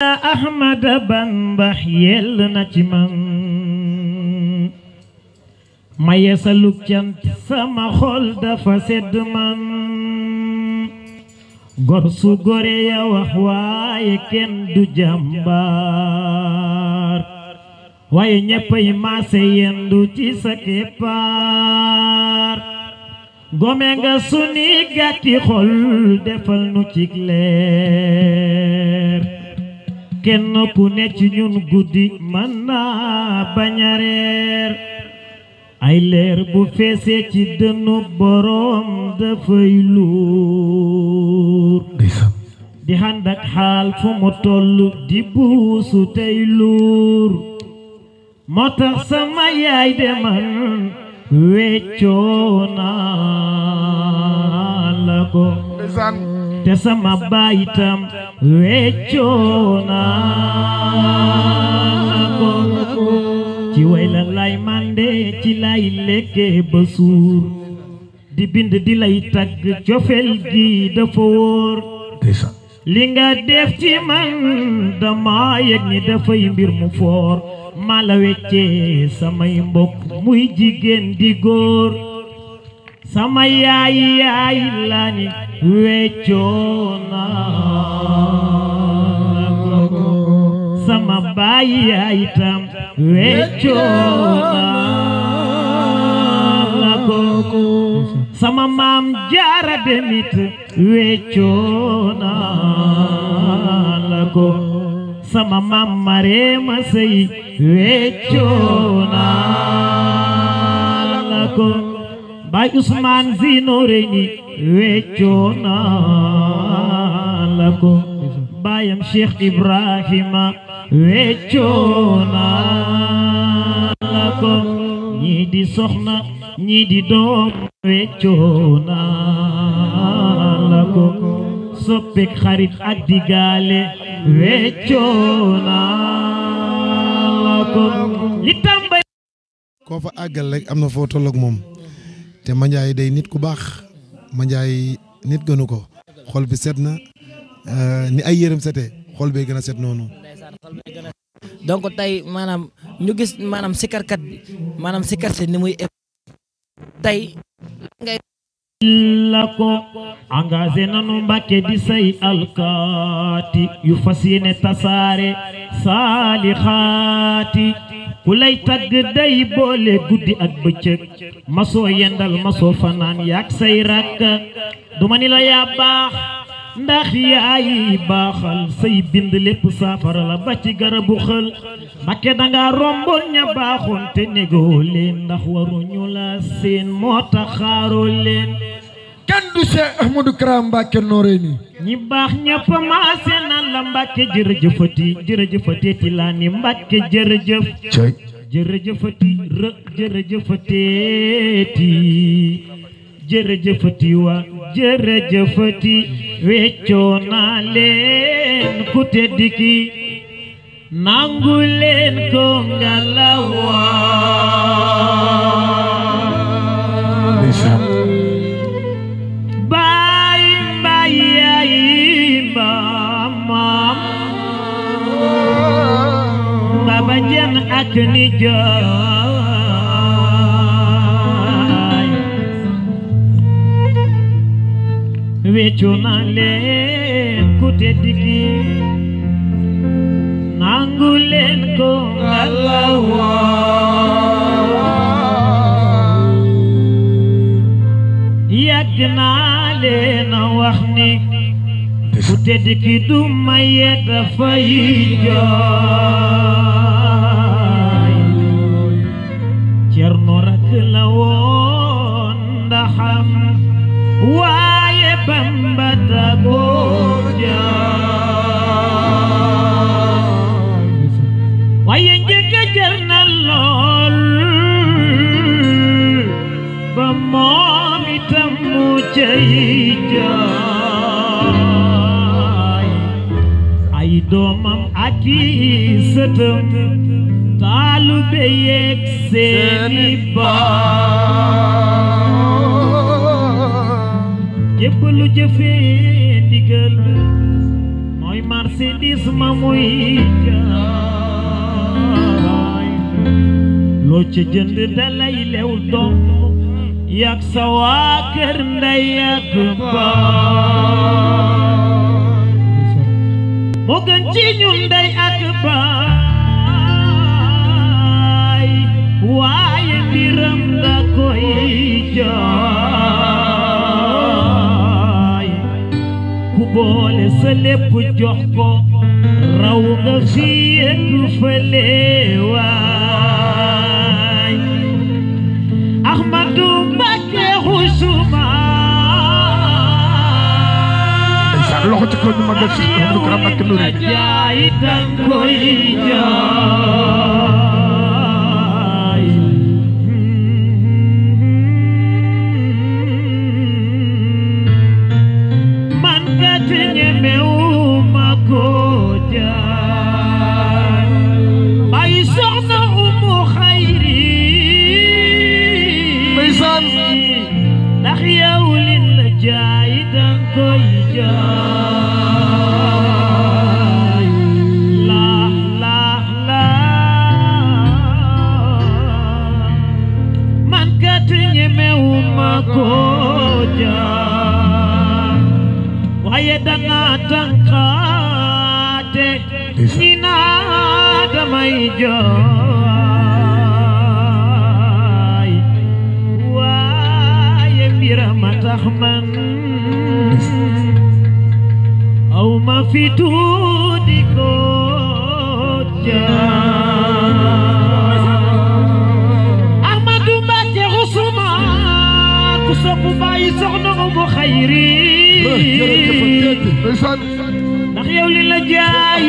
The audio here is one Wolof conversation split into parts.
ahmada bamba yell na ci man ma yeesaluk cant sama xol dafa sedd man gor su gore ya wax waaye kenn du jàmbaar waaye ñeppay maase yendu ci sa keppaar gome nga suni gàtti xol defal nu cig leer kenn ku ne ci ñun guddi man naa bañ ay leer bu feesee ci dënnu boroom dafay luur di ànd ak fu mu toll di buusu tey luur moo tax sama yaay de man weccoo naa la ko te baitam wecho na naa ko ci way lay mande ci lay lekke ba di bind di lay tagg cofel gi da for li nga def ci man dama yëg ni fay mbir mu for mala samay mbok muy jigen di sama yaay yaay la ni weccoona ko sama baay yaay tam weccoona ko sama maam jaara demit weccoona ko sama maam mareema sey weccoona ko bay Ousmane si ni weccoo naa la ko bayam Cheikh Ibrahima weccoo naa la ko ñii di soxna ñii di doom weccoo naa la ko soppeek xarit ak digaale weccoo naa la ko li tàmbali koo fa àggal rek am na foo tolloog moom te Mandiaye day nit ku baax Mandiaye nit gënu ko xol bi set na euh, ni ay yërëm setee xol bee gën a set noonu. donc tey maanaam ñu gis maanaam sikarkat bi maanaam sikar si ni muy tey ngay la ko engagé nanu Mbàkke di say alkaati yu fas yéene tasaare saalixaati ku lay tagg day boole guddi ak bëccëg masoo yendal masoo fanaan yaak say rakk duma ni la yaa baax ndax yaayi baaxal say bind lépp saafara la ba ci garabu xël mbakke danga romboon ña baaxoon te négoo leen ndax waruñu la seen moo tax xaaroo leen kenn du Cheikh Ahmadou Kara Mbacké Noreyni ñi baax ñëpp maa seen la Mbàkke jërëjëfati jërëjëfati ti ni Mbàkke jërëjëf jërëjëfati rë jërëjëfateeti jërëjëfati wa jërëjëfati weccoo naa leen ku nangu leen ko ngalawa ni jai wechonale kutediki nangulen ko alawa yagnale na waxni kutediki du maye dafa yi jai jooy ay doomam ak i sëtam taalube yeeg seeni baay jébbalu jëfee ndigal mooy marchandise ma muy jaay loo ca jënd dalay lew doom yak sawakir naya akbar mogan oh, cinyum day akbar waye diram da koi jay kubole sele pujoh ko raw nga fiye ku ci ko ñu magal ci فهما أو ما في دودك Ahmadu Mbacke Xusuma ku sopp bàyyi soxna mu xayri ndax yow li la jaay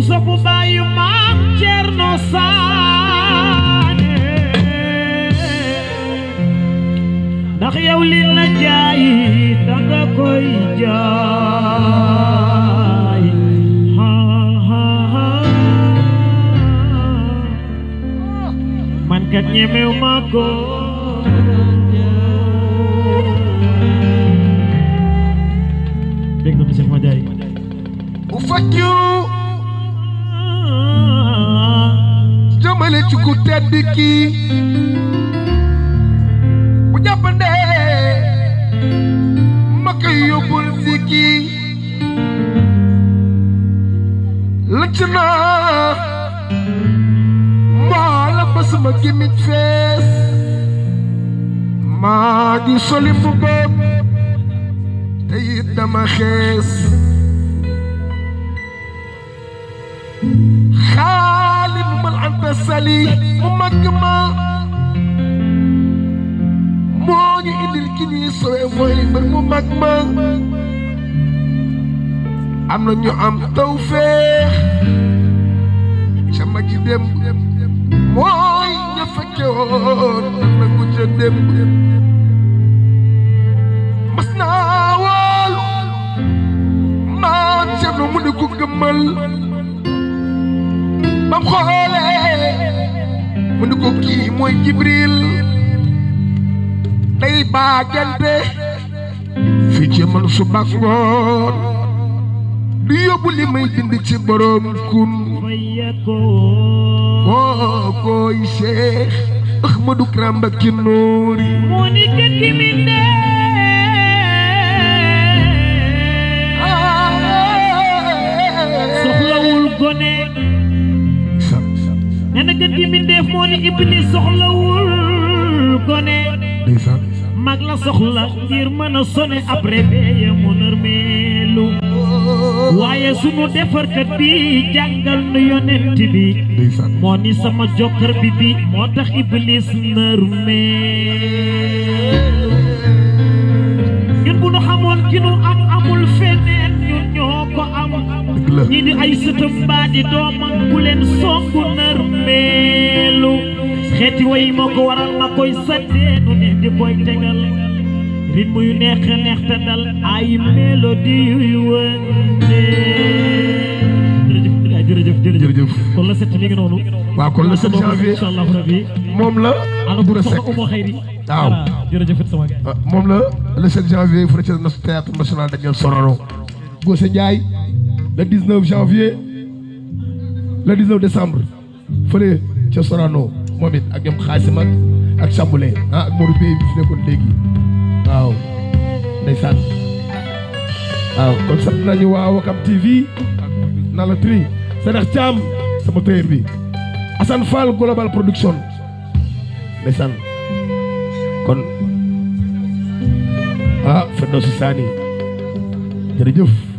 Musopo bayu mang cerno sane Ndax yow li la jaay jai, ha ha ha Man kat ñemew tedd kii bu ma koy yóbbul si kii naa maa la ba sama gémmiñ fees maa ngi soli mu bopp dama xees xaalim mal anta sali mu màgg ma moo ñu indil ki ñuy sowee mooy mbir mu màgg ma am na ñu am tawfeex ca ma ci dem mooy ña fekke woon na ko ca dem mas naa wool maa ceeb mu ne ko gëmmal bam xool mu ni ko kii mooy jibril day baagante fi ci man su bàngoon du yóbbu li may bind ci borom kun kookooy seex ahmadu kramba ki nóori soxla ngir mën a sone ab réveil mu nërmeelu waaye sunu defarkat bi jàngal nu yonent bi moo ni sama jokkër bi bi moo tax iblis nërmeelu ñun bu nu xamoon ki nu am amul feneen ñun ñoo ko am ñi di ay sëtëm baa di doomam bu leen songu nërmeelu xeeti way ko waral ma koy sante nu ne koy tegal rythme yu neex neex te dal ay mélodie yu wënde jërëjëf jërëjëf jërëjëf kon la set mi ngi noonu waaw kon la set janvier inshallah rabbi moom la Boura Seck waaw jërëjëf sama moom la le 7 janvier fële ca théâtre national Daniel Sorano Gossé Ndiaye le 19 janvier le 19 décembre fële ca Sorano moom it ak ñoom Xaasim ak ak Chamboulé ah ak Modou Bey bi fi nekkoon léegi waaw ndeysaan waaw kon sant nañu waa Wakam TV na la tri Senex Caam sama téer bi Assane Fall Global Production ndeysaan kon ah Firdawsi Sani jërëjëf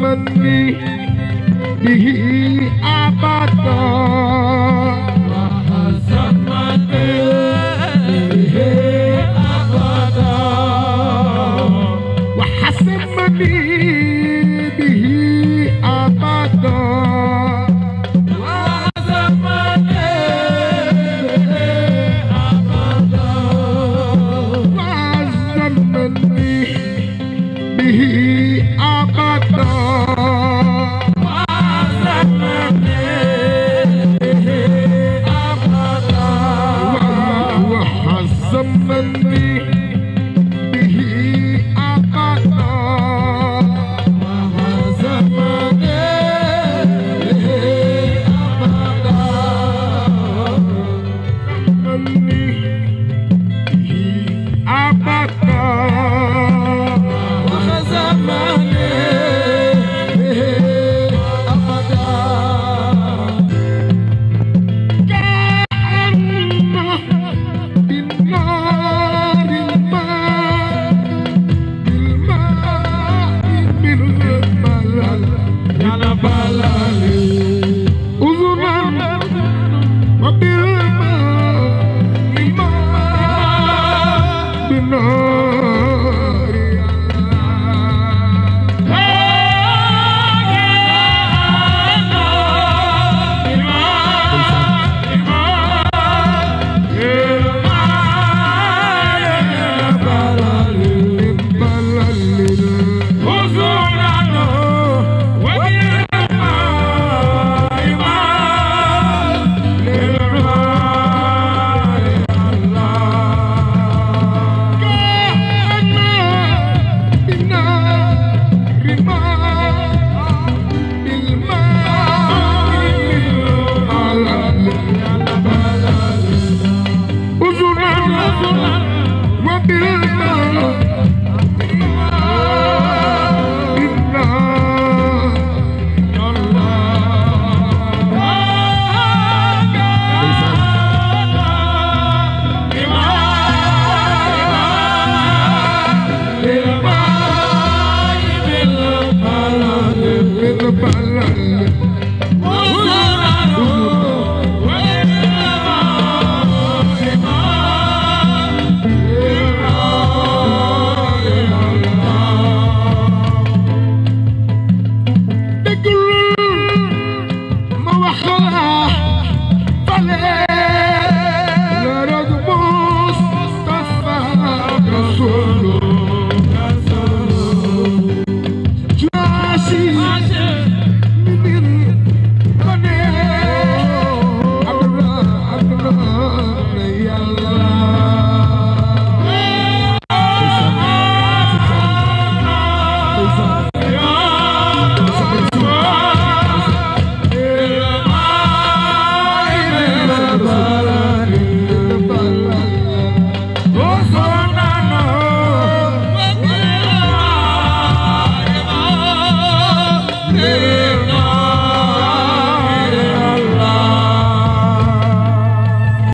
me bihi